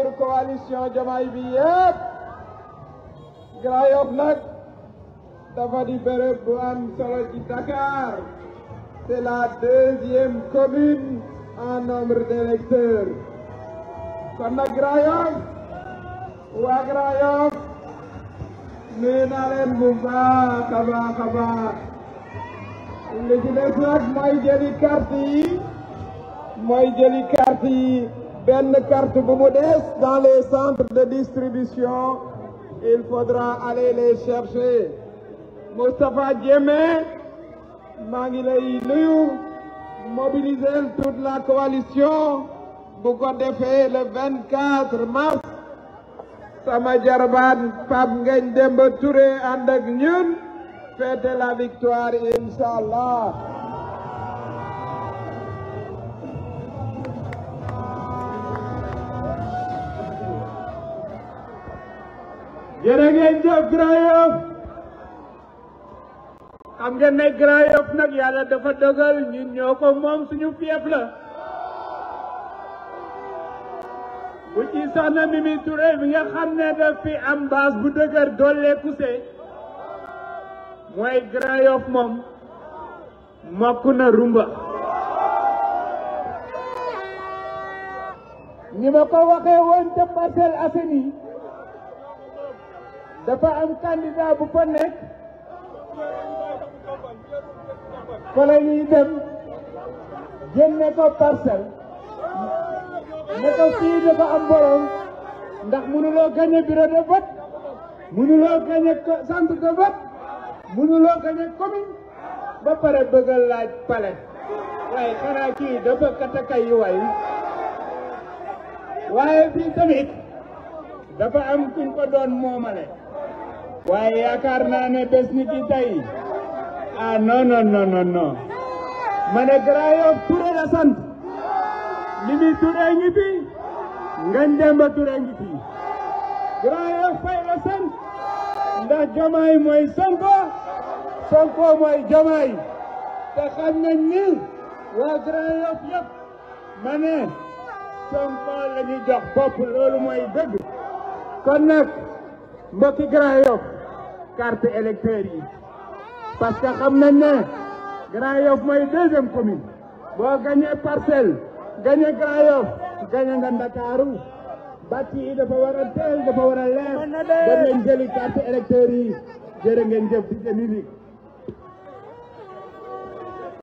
membre coalition Diomaye bi yëpp nag dafa di bërëb bu solo ci Dakar c'est la deuxième commune en nombre d'électeurs kon nag Grand waa Grand Yoff nuyu naa leen bu li ci des mooy jëli carte mooy jëli carte benn carte bu mu des dans les centres de distribution il faudra aller les chercher Moustapha Diémé maa ngi lay toute la coalition bu ko defee le 24 mars sama jarbaan Pape Ngagne Demba Touré ànd ak ñun fête la victoire incha jërë ngeen jëf xam ngeen ne Grand nag yàlla dafa dogal ñun ñoo ko moom suñu fief la bu ci soxna Mimi Touré mi nga xam ne daf fi am base bu dëgër doole kuse mooy Grand moom mokk na rumba ni ma ko waxee woon te Parcelles Assainies dafa am candidat bu fa nekk fa la dem génne ko parcelle ne ko dafa am borom ndax mënuloo gagné bureau de mënuloo gagné centre de mënuloo gagné commune ba pare bëgg a laaj palais waaye xanaa kii dafa katakay yi way waaye fii tamit dafa am kuñ ko doon moomale waaye yaakaar naa ne bés ni ki tey ah non non non non ma ne Grand Yoff sant Mimi Touré ngi fi Ngagne Demba Touré ngi fi Grand Yoff Faye sant ndax Diomaye mooy Sonko Sonko mooy Diomaye te xam nañ ni waa Grand Yoff yëpp Sonko la jox bopp loolu mooy dëgg kon nag mbokki Grand Yoff carte électeur yi parce que xam nañ ne Grand Yoff mooy deuxième commune boo gañee parcelle gañee Grand Yoff gañee nga Ndakaaru bàcc yi dafa war a teel dafa war a leer dem leen jëli carte électeur yi jërë ngeen jëf di jëli